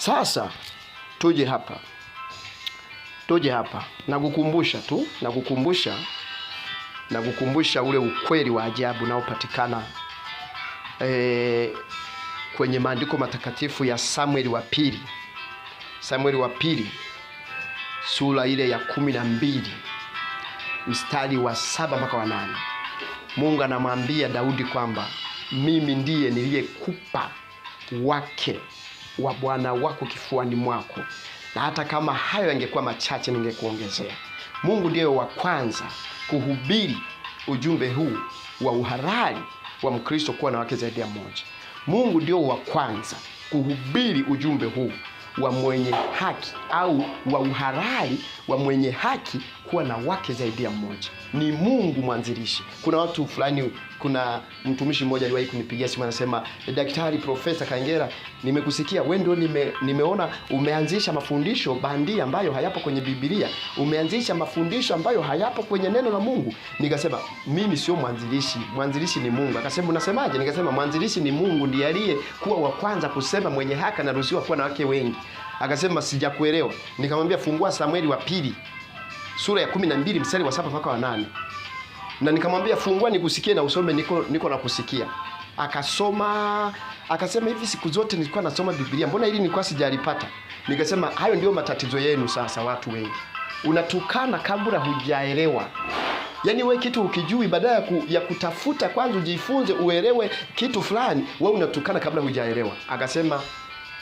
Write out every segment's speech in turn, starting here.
Sasa tuje hapa, tuje hapa, nakukumbusha tu, nakukumbusha, nakukumbusha ule ukweli wa ajabu unaopatikana e, kwenye maandiko matakatifu ya Samueli wa pili, Samueli wa pili sura ile ya kumi na mbili mstari wa saba mpaka wa nane. Mungu anamwambia Daudi kwamba mimi ndiye niliyekupa wake wa Bwana wako kifuani mwako, na hata kama hayo yangekuwa machache ningekuongezea. Mungu ndiye wa kwanza kuhubiri ujumbe huu wa uhalali wa Mkristo kuwa na wake zaidi ya mmoja. Mungu ndio wa kwanza kuhubiri ujumbe huu wa mwenye haki au wa uhalali wa mwenye haki kuwa na wake zaidi ya mmoja. Ni Mungu mwanzilishi. Kuna watu fulani, kuna mtumishi mmoja aliwahi kunipigia simu anasema, Daktari Profesa Kangera, nimekusikia wewe ndio nime, nimeona umeanzisha mafundisho bandia ambayo hayapo kwenye Biblia, umeanzisha mafundisho ambayo hayapo kwenye neno la Mungu. Nikasema mimi sio mwanzilishi, mwanzilishi ni Mungu. Akasema unasemaje? Nikasema mwanzilishi ni Mungu, ndiye aliye kuwa wa kwanza kusema mwenye haki anaruhusiwa kuwa na wake wengi. Akasema sijakuelewa. Nikamwambia fungua Samueli wa pili sura ya mbili mstari wa saba mpaka wa nane na nikamwambia fungua nikusikie na usome, niko niko kusikia Akasoma akasema, hivi siku zote nilikuwa nasoma Biblia, mbona hili nilikuwa sijalipata? Nikasema hayo ndio matatizo yenu. Sasa watu wengi unatukana kabla hujaelewa. Yaani we kitu ukijui, baada ya, ku, ya kutafuta kwanza ujifunze uelewe kitu fulani, we unatukana kabla hujaelewa. Akasema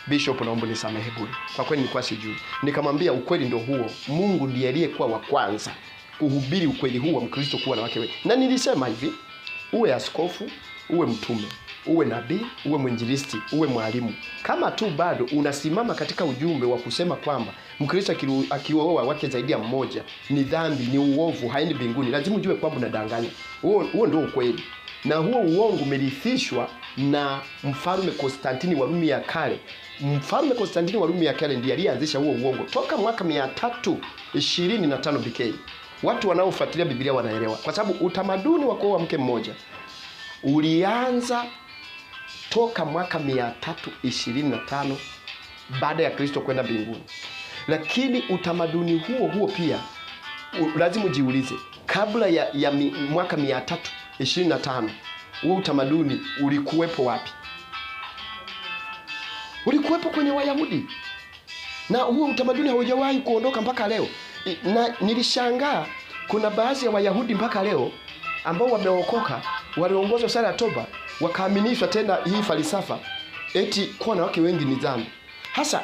Bishop, naomba nisamehe bure, kwa kweli nilikuwa sijui. Nikamwambia ukweli ndio huo, Mungu ndiye aliyekuwa wa kwanza kuhubiri ukweli huu wa Mkristo kuwa na wake wengi, na nilisema hivi, uwe askofu, uwe mtume, uwe nabii, uwe mwinjilisti, uwe mwalimu, kama tu bado unasimama katika ujumbe wa kusema kwamba Mkristo akiwaoa wake zaidi ya mmoja ni dhambi, ni uovu, haendi mbinguni. Lazima ujue kwamba unadanganya. Huo huo ndio ukweli, na huo uongo umerithishwa na mfalme Konstantini wa Rumi ya kale. Mfalme Konstantini wa Rumi ya kale ndiye aliyeanzisha huo uongo toka mwaka 325 BK. Watu wanaofuatilia Biblia wanaelewa, kwa sababu utamaduni wa kuoa mke mmoja ulianza toka mwaka 325 baada ya Kristo kwenda mbinguni. Lakini utamaduni huo huo pia lazima ujiulize, kabla ya, ya mi, mwaka 325 huo utamaduni ulikuwepo wapi? Ulikuwepo kwenye Wayahudi, na huo utamaduni haujawahi kuondoka mpaka leo. Na nilishangaa kuna baadhi ya Wayahudi mpaka leo ambao wameokoka waliongozwa sala ya toba wakaaminishwa tena hii falsafa eti kuwa na wake wengi ni dhambi. Hasa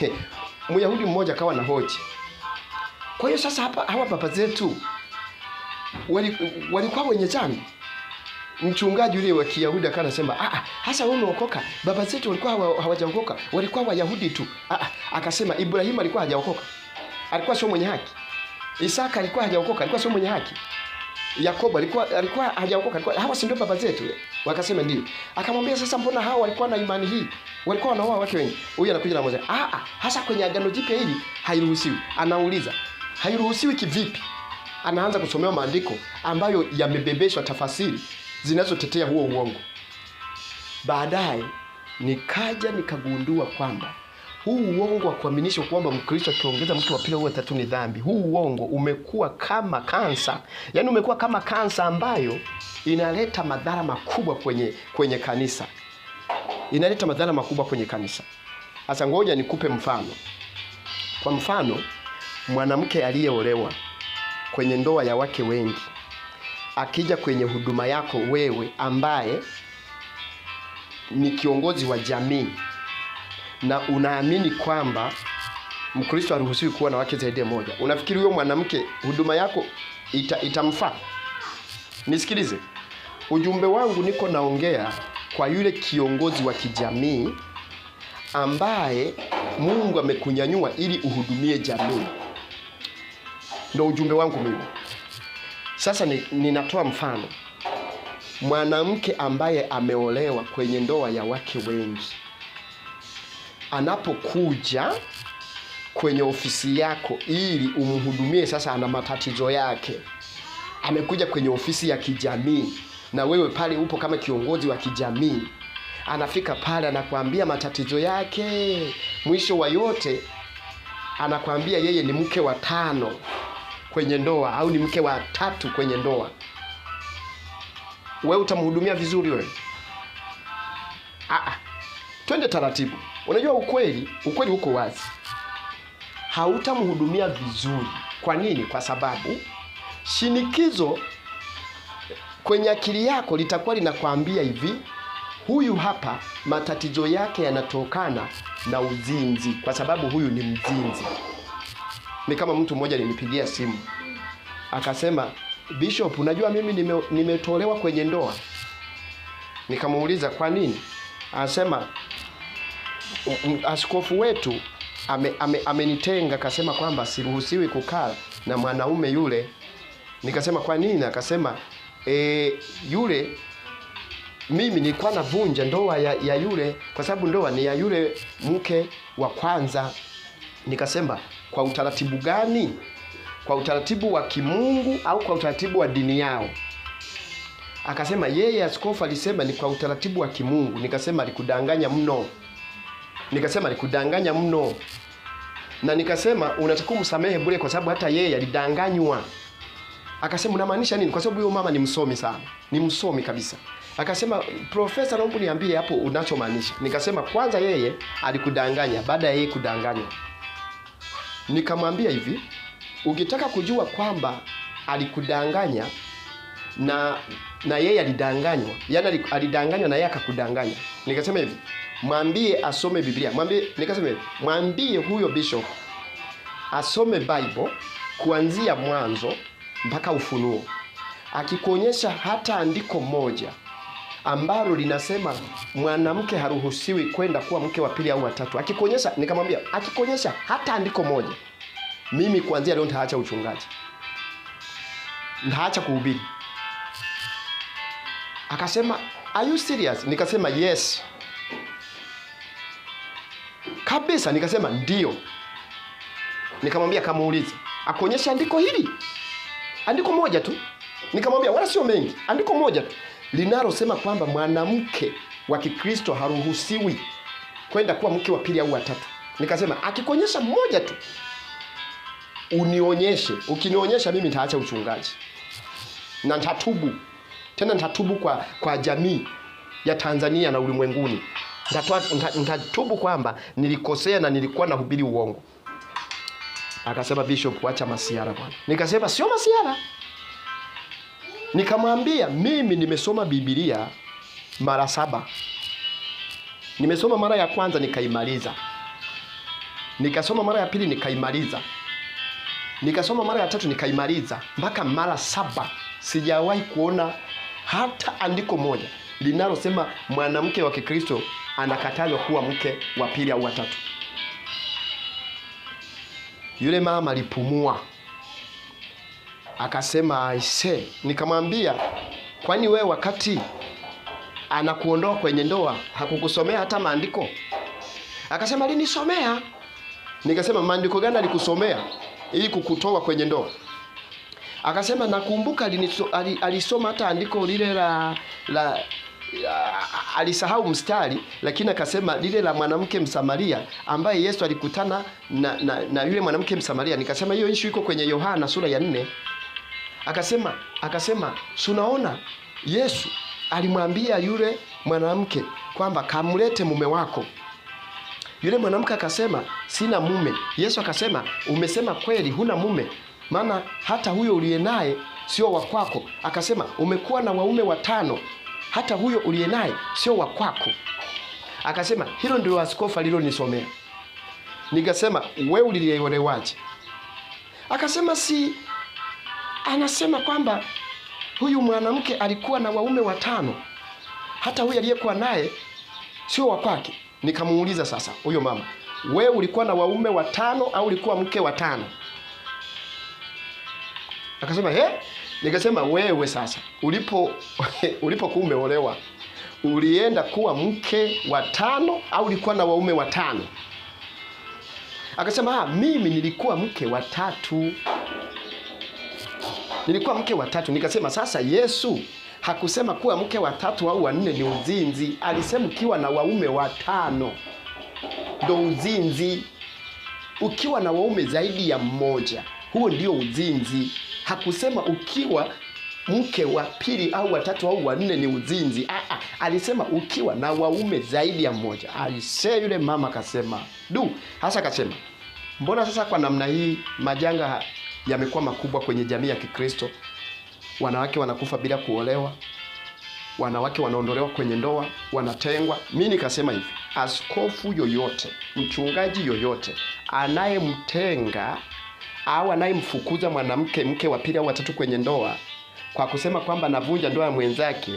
Myahudi mmoja akawa na hoji. Kwa hiyo sasa hapa hawa papa zetu walikuwa wali wenye dhambi. Mchungaji yule wa Kiyahudi akawa anasema, "Ah, ah hasa wewe umeokoka. Baba zetu walikuwa hawajaokoka, walikuwa Wayahudi tu." Ah ah, akasema Ibrahimu alikuwa hajaokoka. Alikuwa sio mwenye haki. Isaka alikuwa hajaokoka, alikuwa sio mwenye haki. Yakobo alikuwa alikuwa hajaokoka, alikuwa hawa si ndio baba zetu? Wakasema ndio. Akamwambia sasa, mbona hawa walikuwa na imani hii? Walikuwa wanaoa wake wengi. Huyu anakuja na mmoja, ah ah, hasa kwenye agano jipya hili hairuhusiwi. Anauliza, hairuhusiwi kivipi? Anaanza kusomewa maandiko ambayo yamebebeshwa tafasiri zinazotetea huo uongo. Baadaye nikaja nikagundua kwamba huu uongo wa kuaminisha kwamba Mkristo akiongeza mke wa pili au tatu ni dhambi, huu uongo umekuwa kama kansa, yaani umekuwa kama kansa ambayo inaleta madhara makubwa kwenye kwenye kanisa, inaleta madhara makubwa kwenye kanisa. Sasa ngoja nikupe mfano. Kwa mfano, mwanamke aliyeolewa kwenye ndoa ya wake wengi akija kwenye huduma yako wewe ambaye ni kiongozi wa jamii na unaamini kwamba Mkristo haruhusiwi kuwa na wake zaidi ya moja, unafikiri huyo mwanamke huduma yako ita, itamfaa? Nisikilize, ujumbe wangu niko naongea kwa yule kiongozi wa kijamii ambaye Mungu amekunyanyua ili uhudumie jamii, ndo ujumbe wangu mimi. Sasa ni, ninatoa mfano mwanamke ambaye ameolewa kwenye ndoa ya wake wengi anapokuja kwenye ofisi yako ili umhudumie, sasa ana matatizo yake, amekuja kwenye ofisi ya kijamii, na wewe pale upo kama kiongozi wa kijamii, anafika pale anakwambia matatizo yake. Mwisho wa yote anakwambia yeye ni mke wa tano kwenye ndoa au ni mke wa tatu kwenye ndoa. Wewe utamhudumia vizuri wewe? Ah, ah. twende taratibu. Unajua ukweli, ukweli uko wazi, hautamhudumia vizuri. Kwa nini? Kwa sababu shinikizo kwenye akili yako litakuwa linakwambia hivi, huyu hapa matatizo yake yanatokana na uzinzi, kwa sababu huyu ni mzinzi. Ni kama mtu mmoja alinipigia simu akasema, Bishop, unajua mimi nime, nimetolewa kwenye ndoa. Nikamuuliza kwa nini, anasema askofu wetu amenitenga ame, ame kasema kwamba siruhusiwi kukaa na mwanaume yule. Nikasema kwa nini? Akasema e, yule mimi nilikuwa navunja ndoa ya, ya yule kwa sababu ndoa ni ya yule mke wa kwanza. Nikasema kwa utaratibu gani? Kwa utaratibu wa kimungu au kwa utaratibu wa dini yao? Akasema yeye askofu alisema ni kwa utaratibu wa kimungu. Nikasema alikudanganya mno nikasema alikudanganya mno, na nikasema unatakiwa msamehe bure, kwa sababu hata yeye alidanganywa. Akasema unamaanisha nini? Kwa sababu huyo mama ni msomi sana, ni msomi kabisa. Akasema profesa, naomba niambie hapo unachomaanisha. Nikasema kwanza, yeye alikudanganya. Baada ya yeye kudanganywa, nikamwambia hivi, ukitaka kujua kwamba alikudanganya na na yeye alidanganywa, yani alidanganywa na yeye akakudanganya, nikasema hivi mwambie asome Biblia, mwambie nikasema, mwambie huyo bishop asome Bible kuanzia mwanzo mpaka Ufunuo. Akikuonyesha hata andiko moja ambalo linasema mwanamke haruhusiwi kwenda kuwa mke wa pili au watatu, akikuonyesha, nikamwambia, akikuonyesha hata andiko moja, mimi kuanzia leo nitaacha uchungaji, nitaacha kuhubiri. Akasema, are you serious? Nikasema yes kabisa. Nikasema ndio, nikamwambia kamuulize akuonyeshe andiko hili, andiko moja tu, nikamwambia wala sio mengi, andiko moja tu linalosema kwamba mwanamke wa Kikristo haruhusiwi kwenda kuwa mke wa pili au wa tatu. Nikasema akikuonyesha mmoja tu unionyeshe, ukinionyesha mimi nitaacha uchungaji na nitatubu tena, nitatubu kwa, kwa jamii ya Tanzania na ulimwenguni nitatubu kwamba nilikosea na nilikuwa nahubiri uongo. Akasema Bishop, wacha masiara bwana. Nikasema sio masiara, nikamwambia mimi nimesoma Biblia mara saba. Nimesoma mara ya kwanza nikaimaliza, nikasoma mara ya pili nikaimaliza, nikasoma mara ya tatu nikaimaliza, mpaka mara saba. Sijawahi kuona hata andiko moja linalosema mwanamke wa Kikristo anakatazwa kuwa mke wa pili au watatu. Yule mama alipumua akasema, aise. Nikamwambia, kwani we wakati anakuondoa kwenye ndoa hakukusomea hata maandiko? Akasema, alinisomea. Nikasema, maandiko gani alikusomea ili kukutoa kwenye ndoa? Akasema, nakumbuka alisoma hata andiko lile la, la alisahau mstari, lakini akasema lile la mwanamke Msamaria ambaye Yesu alikutana na, na, na yule mwanamke Msamaria. Nikasema hiyo issue iko kwenye Yohana sura ya nne. Akasema akasema sunaona, Yesu alimwambia yule mwanamke kwamba kamlete mume wako. Yule mwanamke akasema sina mume. Yesu akasema umesema kweli, huna mume, maana hata huyo uliye naye sio wa kwako. Akasema umekuwa na waume watano, hata huyo uliye naye sio wa kwako. Akasema hilo ndilo askofu alilonisomea. Nikasema wewe ulielewaje? Akasema si anasema kwamba huyu mwanamke alikuwa na waume watano, hata huyu aliyekuwa naye sio wa kwake. Nikamuuliza, sasa huyo mama, we ulikuwa na waume watano au ulikuwa mke watano? Akasema he, eh, Nikasema wewe sasa ulipo ulipo kuumeolewa ulienda kuwa mke wa tano au ulikuwa na waume watano? Akasema ah, mimi nilikuwa mke wa tatu, nilikuwa mke wa tatu. Nikasema sasa, Yesu hakusema kuwa mke wa tatu au wa nne ni uzinzi, alisema ukiwa na waume watano ndo uzinzi. Ukiwa na waume zaidi ya mmoja, huo ndio uzinzi hakusema ukiwa mke wa pili au watatu au wanne ni uzinzi. Aa, ah, ah. alisema ukiwa na waume zaidi ya mmoja. Aisee, yule mama kasema du, hasa kasema mbona sasa kwa namna hii majanga yamekuwa makubwa kwenye jamii ya Kikristo? Wanawake wanakufa bila kuolewa, wanawake wanaondolewa kwenye ndoa, wanatengwa. Mi nikasema hivi, askofu yoyote, mchungaji yoyote anayemtenga au anayemfukuza mwanamke mke wa pili au watatu kwenye ndoa kwa kusema kwamba anavunja ndoa ya mwenzake,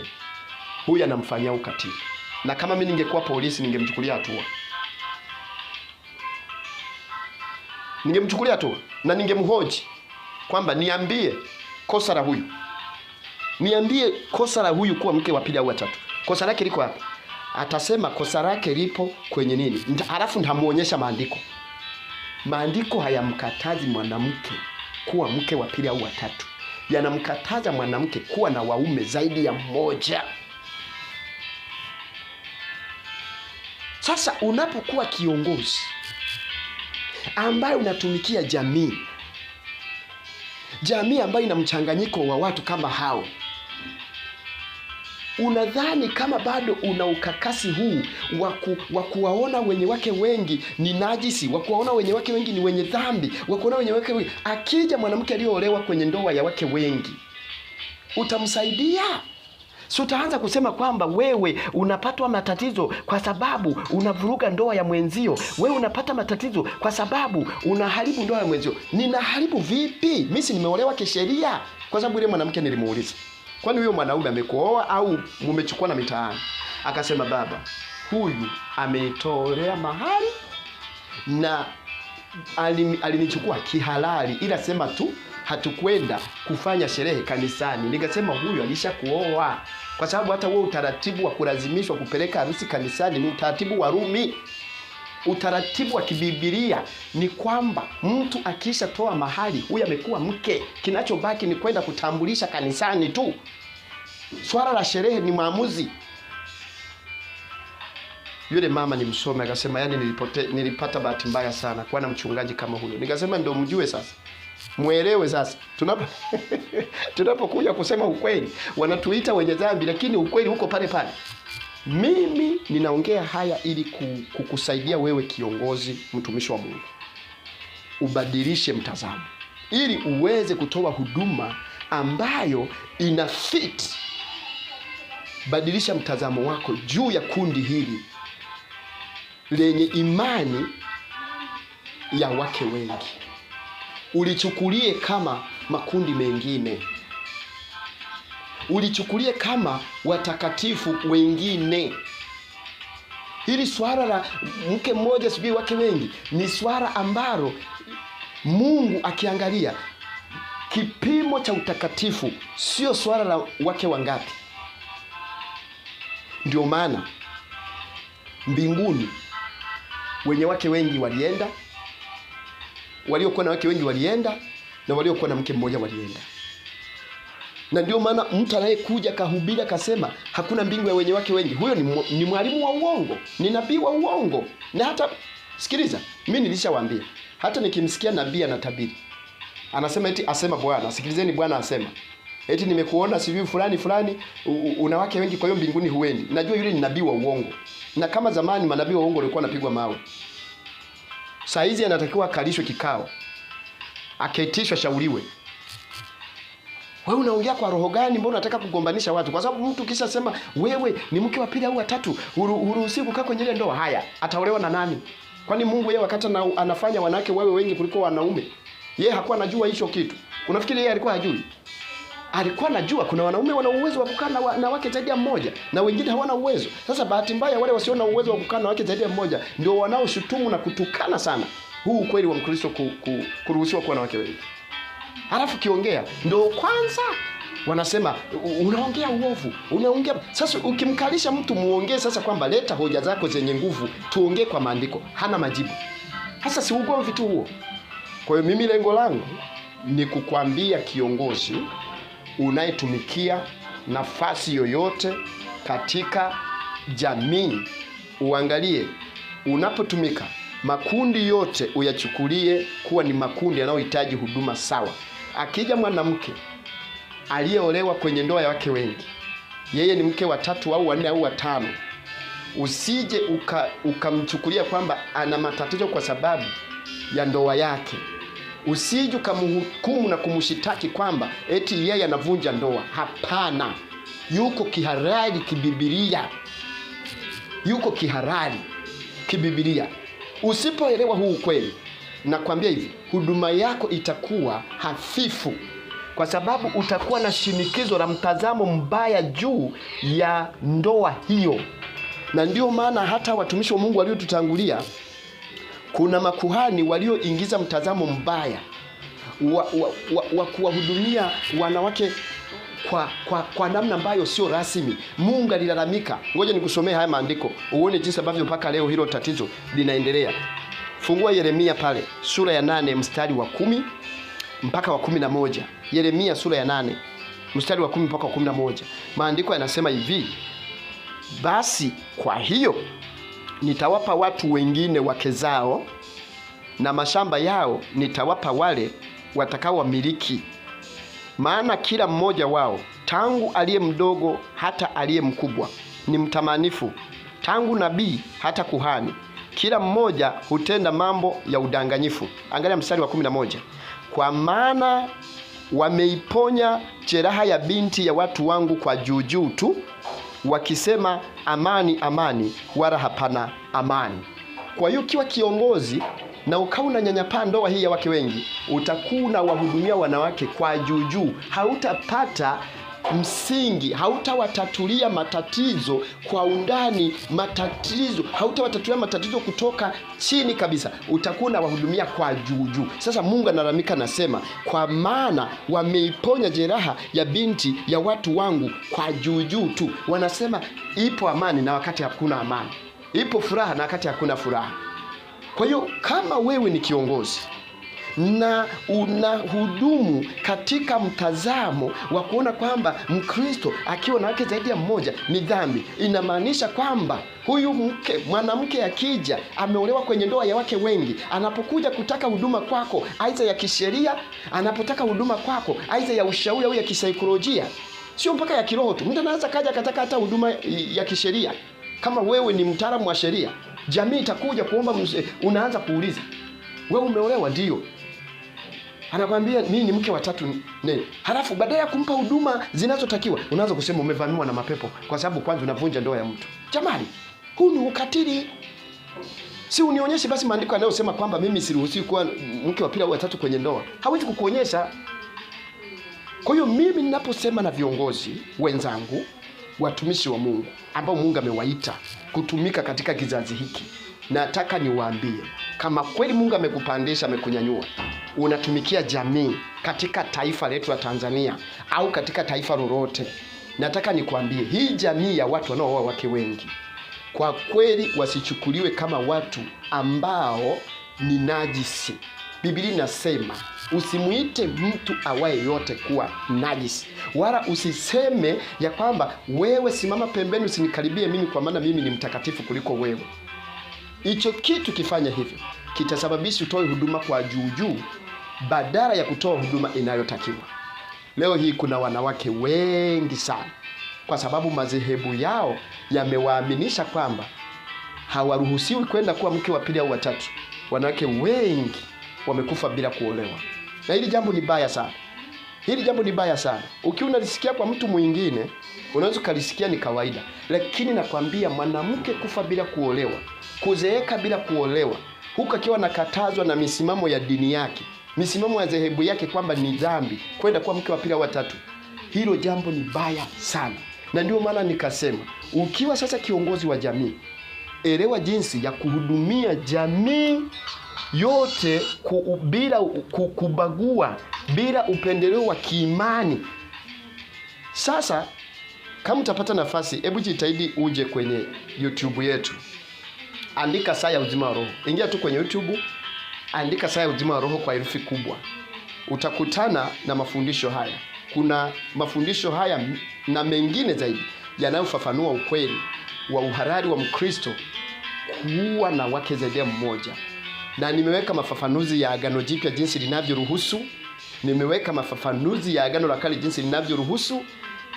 huyu anamfanyia ukatili. Na kama mimi ningekuwa polisi, ningemchukulia hatua, ningemchukulia hatua na ningemhoji kwamba niambie kosa la huyu, niambie kosa la huyu kuwa mke wa pili au watatu, kosa lake liko hapa. Atasema kosa lake lipo kwenye nini, halafu ntamuonyesha maandiko. Maandiko hayamkatazi mwanamke kuwa mke wa pili au watatu yanamkataza mwanamke kuwa na waume zaidi ya mmoja. Sasa unapokuwa kiongozi ambaye unatumikia jamii, jamii ambayo ina mchanganyiko wa watu kama hao Unadhani kama bado una ukakasi huu wa kuwaona wenye wake wengi ni najisi, wa kuwaona wenye wake wengi ni wenye dhambi, wa kuona wenye wake wengi? Akija mwanamke aliyoolewa kwenye ndoa ya wake wengi, utamsaidia? Si utaanza kusema kwamba wewe unapatwa matatizo kwa sababu unavuruga ndoa ya mwenzio, wewe unapata matatizo kwa sababu unaharibu ndoa ya mwenzio. Ninaharibu vipi? misi nimeolewa kisheria? Kwa sababu ile mwanamke nilimuuliza kwani huyo mwanaume amekuoa au mumechukua na mitaani? Akasema, baba huyu ameitolea mahali na alinichukua kihalali, ila sema tu hatukwenda kufanya sherehe kanisani. Nikasema huyu alishakuoa kuoa, kwa sababu hata wewe utaratibu wa kulazimishwa kupeleka harusi kanisani ni utaratibu wa Rumi utaratibu wa kibibilia ni kwamba mtu akisha toa mahali, huyu amekuwa mke, kinachobaki ni kwenda kutambulisha kanisani tu. Swala la sherehe ni maamuzi. Yule mama ni msome akasema, yani nilipote, nilipata bahati mbaya sana kuwa na mchungaji kama huyo. Nikasema ndio mjue sasa mwelewe sasa. Tunapo tunapokuja kusema ukweli, wanatuita wenye dhambi, lakini ukweli huko pale pale. Mimi ninaongea haya ili kukusaidia wewe kiongozi, mtumishi wa Mungu, ubadilishe mtazamo ili uweze kutoa huduma ambayo ina fit. Badilisha mtazamo wako juu ya kundi hili lenye imani ya wake wengi, ulichukulie kama makundi mengine ulichukulie kama watakatifu wengine. Hili swala la mke mmoja sijui wake wengi ni swala ambalo Mungu akiangalia kipimo cha utakatifu sio swala la wake wangapi. Ndio maana mbinguni wenye wake wengi walienda, waliokuwa na wake wengi walienda, na waliokuwa na mke mmoja walienda na ndio maana mtu anayekuja kahubiri akasema hakuna mbingu ya wenye wake wengi, huyo ni, mwalimu wa uongo, ni nabii wa uongo. Na hata sikiliza, mimi nilishawaambia, hata nikimsikia nabii anatabiri anasema eti asema Bwana, sikilizeni Bwana asema eti nimekuona sivyo fulani fulani, una wake wengi, kwa hiyo mbinguni huendi. Najua yule ni nabii wa uongo, na kama zamani manabii wa uongo walikuwa wanapigwa mawe, saa hizi anatakiwa akalishwe kikao, aketishwa, shauriwe wewe unaongea kwa roho gani? Mbona unataka kugombanisha watu? Kwa sababu mtu kisha sema wewe ni mke wa pili au wa tatu, huruhusiwi kukaa kwenye ile ndoa. Haya, ataolewa na nani? Kwani Mungu yeye wakati na, anafanya wanawake wawe wengi kuliko wanaume, yeye hakuwa anajua hicho kitu? Unafikiri yeye alikuwa hajui? Alikuwa anajua kuna wanaume wana uwezo wa kukaa na, wa, na wake zaidi ya mmoja na wengine hawana uwezo. Sasa bahati mbaya wale wasio na uwezo wa kukaa na wake zaidi ya mmoja ndio wanaoshutumu na kutukana sana huu ukweli wa Mkristo ku, ku, kuruhusiwa kuwa na wake wengi halafu kiongea ndo kwanza wanasema unaongea uovu, unaongea. Sasa ukimkalisha mtu muongee sasa kwamba leta hoja zako zenye nguvu, tuongee kwa maandiko, hana majibu. Hasa si ugomvi tu huo. Kwa hiyo mimi lengo langu ni kukwambia kiongozi unayetumikia nafasi yoyote katika jamii, uangalie unapotumika, makundi yote uyachukulie kuwa ni makundi yanayohitaji huduma sawa akija mwanamke aliyeolewa kwenye ndoa yake wengi, yeye ni mke wa tatu au wanne au watano, usije ukamchukulia uka kwamba ana matatizo kwa sababu ya ndoa yake. Usije ukamhukumu na kumshitaki kwamba eti yeye anavunja ndoa. Hapana, yuko kihalali kibibilia, yuko kihalali kibibilia. Usipoelewa huu ukweli nakwambia hivi, huduma yako itakuwa hafifu kwa sababu utakuwa na shinikizo la mtazamo mbaya juu ya ndoa hiyo. Na ndiyo maana hata watumishi wa Mungu waliotutangulia, kuna makuhani walioingiza mtazamo mbaya wa, wa, wa, wa kuwahudumia wanawake kwa, kwa, kwa namna ambayo sio rasmi. Mungu alilalamika. Ngoja nikusomee haya maandiko uone jinsi ambavyo mpaka leo hilo tatizo linaendelea. Fungua Yeremia pale sura ya nane mstari wa kumi mpaka wa kumi na moja. Yeremia sura ya nane mstari wa kumi mpaka wa kumi na moja. Maandiko yanasema hivi: basi kwa hiyo nitawapa watu wengine wake zao na mashamba yao nitawapa wale watakaowamiliki, maana kila mmoja wao tangu aliye mdogo hata aliye mkubwa ni mtamanifu, tangu nabii hata kuhani kila mmoja hutenda mambo ya udanganyifu. Angalia mstari wa 11, kwa maana wameiponya jeraha ya binti ya watu wangu kwa juujuu tu, wakisema amani amani, wala hapana amani. Kwa hiyo ukiwa kiongozi na ukawa unanyanyapaa ndoa hii ya wake wengi, utakuwa unawahudumia wanawake kwa juujuu, hautapata msingi, hautawatatulia matatizo kwa undani, matatizo hautawatatulia matatizo kutoka chini kabisa, utakuwa unawahudumia kwa juu juu. Sasa Mungu analalamika, nasema kwa maana wameiponya jeraha ya binti ya watu wangu kwa juu juu tu. Wanasema ipo amani na wakati hakuna amani, ipo furaha na wakati hakuna furaha. Kwa hiyo kama wewe ni kiongozi na unahudumu katika mtazamo wa kuona kwamba Mkristo akiwa na wake zaidi ya mmoja ni dhambi. Inamaanisha kwamba huyu mke mwanamke akija ameolewa kwenye ndoa ya wake wengi, anapokuja kutaka huduma kwako, aidha ya kisheria, anapotaka huduma kwako, aidha ya ushauri au ya kisaikolojia, sio mpaka ya kiroho tu. Mtu anaweza kaja akataka hata huduma ya kisheria. Kama wewe ni mtaalamu wa sheria, jamii itakuja kuomba, unaanza kuuliza, wewe umeolewa? Ndio anakwambia mimi ni mke wa tatu ne. halafu baadaye ya kumpa huduma zinazotakiwa unaanza kusema umevamiwa na mapepo, kwa sababu kwanza unavunja ndoa ya mtu. Jamani, huu ni ukatili. Si unionyeshe basi maandiko yanayosema kwamba mimi siruhusiwi kuwa mke wa pili au wa tatu kwenye ndoa. Hawezi kukuonyesha. Kwa hiyo mimi ninaposema na viongozi wenzangu, watumishi wa Mungu ambao Mungu amewaita kutumika katika kizazi hiki, nataka niwaambie kama kweli Mungu amekupandisha, amekunyanyua unatumikia jamii katika taifa letu la Tanzania au katika taifa lolote, nataka nikwambie hii jamii ya watu wanaooa wake wengi, kwa kweli wasichukuliwe kama watu ambao ni najisi. Biblia inasema usimuite mtu awaye yote kuwa najisi, wala usiseme ya kwamba wewe simama pembeni, usinikaribie mimi, kwa maana mimi ni mtakatifu kuliko wewe. Hicho kitu kifanya hivyo kitasababisha utoe huduma kwa juujuu badala ya kutoa huduma inayotakiwa. Leo hii kuna wanawake wengi sana, kwa sababu madhehebu yao yamewaaminisha kwamba hawaruhusiwi kwenda kuwa mke wa pili au watatu. Wanawake wengi wamekufa bila kuolewa, na hili jambo ni baya sana. Hili jambo ni baya sana. Ukiwa unalisikia kwa mtu mwingine, unaweza ukalisikia ni kawaida, lakini nakwambia, mwanamke kufa bila kuolewa, kuzeeka bila kuolewa huku akiwa nakatazwa na misimamo ya dini yake, misimamo ya dhehebu yake, kwamba ni dhambi kwenda kuwa mke wa pili au watatu. Hilo jambo ni baya sana, na ndio maana nikasema, ukiwa sasa kiongozi wa jamii, elewa jinsi ya kuhudumia jamii yote ku, bila kubagua, bila upendeleo wa kiimani. Sasa kama utapata nafasi, hebu jitahidi uje kwenye YouTube yetu andika saa ya uzima wa roho. Ingia tu kwenye YouTube, andika saa ya uzima wa roho kwa herufi kubwa, utakutana na mafundisho haya. Kuna mafundisho haya na mengine zaidi yanayofafanua ukweli wa uharari wa Mkristo kuwa na wake zaidi ya mmoja, na nimeweka mafafanuzi ya Agano Jipya jinsi linavyoruhusu, nimeweka mafafanuzi ya Agano la Kale jinsi linavyoruhusu.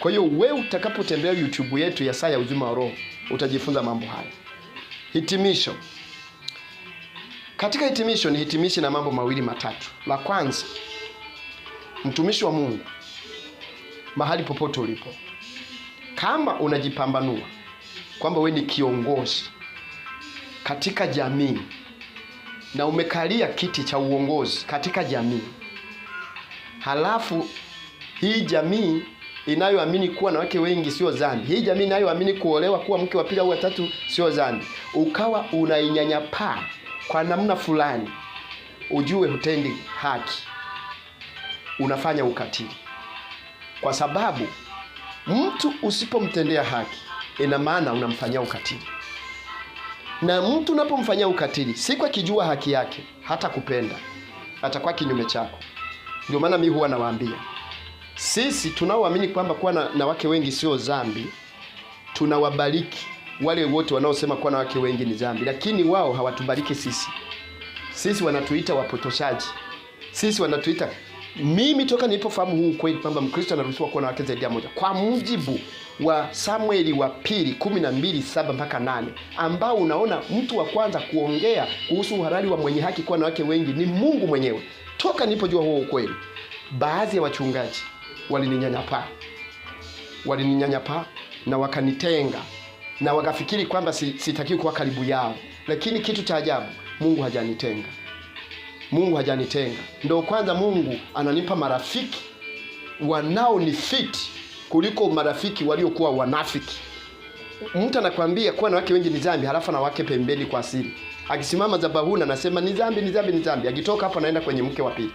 Kwa hiyo wewe utakapotembelea YouTube yetu ya saa ya uzima wa roho utajifunza mambo haya. Hitimisho. Katika hitimisho ni hitimishi na mambo mawili matatu. La kwanza, mtumishi wa Mungu, mahali popote ulipo, kama unajipambanua kwamba we ni kiongozi katika jamii na umekalia kiti cha uongozi katika jamii, halafu hii jamii inayoamini kuwa na wake wengi sio dhambi, hii jamii inayoamini kuolewa kuwa mke wa pili au watatu tatu sio dhambi, ukawa unainyanyapaa kwa namna fulani, ujue hutendi haki, unafanya ukatili, kwa sababu mtu usipomtendea haki, ina maana unamfanyia ukatili na mtu unapomfanyia ukatili, siku akijua haki yake hata kupenda atakuwa kinyume chako. Ndio maana mi huwa nawaambia sisi tunaoamini kwamba kuwa na, na wake wengi sio zambi tunawabariki wale wote wanaosema kuwa na wake wengi ni zambi lakini wao hawatubariki sisi. Sisi wanatuita wapotoshaji, sisi wanatuita mimi toka nilipofahamu huu kweli kwamba Mkristo anaruhusiwa kuwa na wake zaidi ya moja kwa mujibu wa Samueli wa pili kumi na mbili saba mpaka nane ambao unaona mtu wa kwanza kuongea kuhusu uhalali wa mwenye haki kuwa na wake wengi ni Mungu mwenyewe. Toka nilipojua huo ukweli, baadhi ya wachungaji walininyanyapaa, walininyanyapaa na wakanitenga na wakafikiri kwamba sitakiwi kuwa karibu yao, lakini kitu cha ajabu, Mungu hajanitenga. Mungu hajanitenga. Ndio kwanza Mungu ananipa marafiki wanao wanaonifiti kuliko marafiki waliokuwa wanafiki. Mtu anakwambia kuwa na wake wengi ni zambi halafu anawake pembeni kwa siri, akisimama zabahuni anasema ni zambi ni zambi ni zambi Akitoka hapo anaenda kwenye mke wa pili.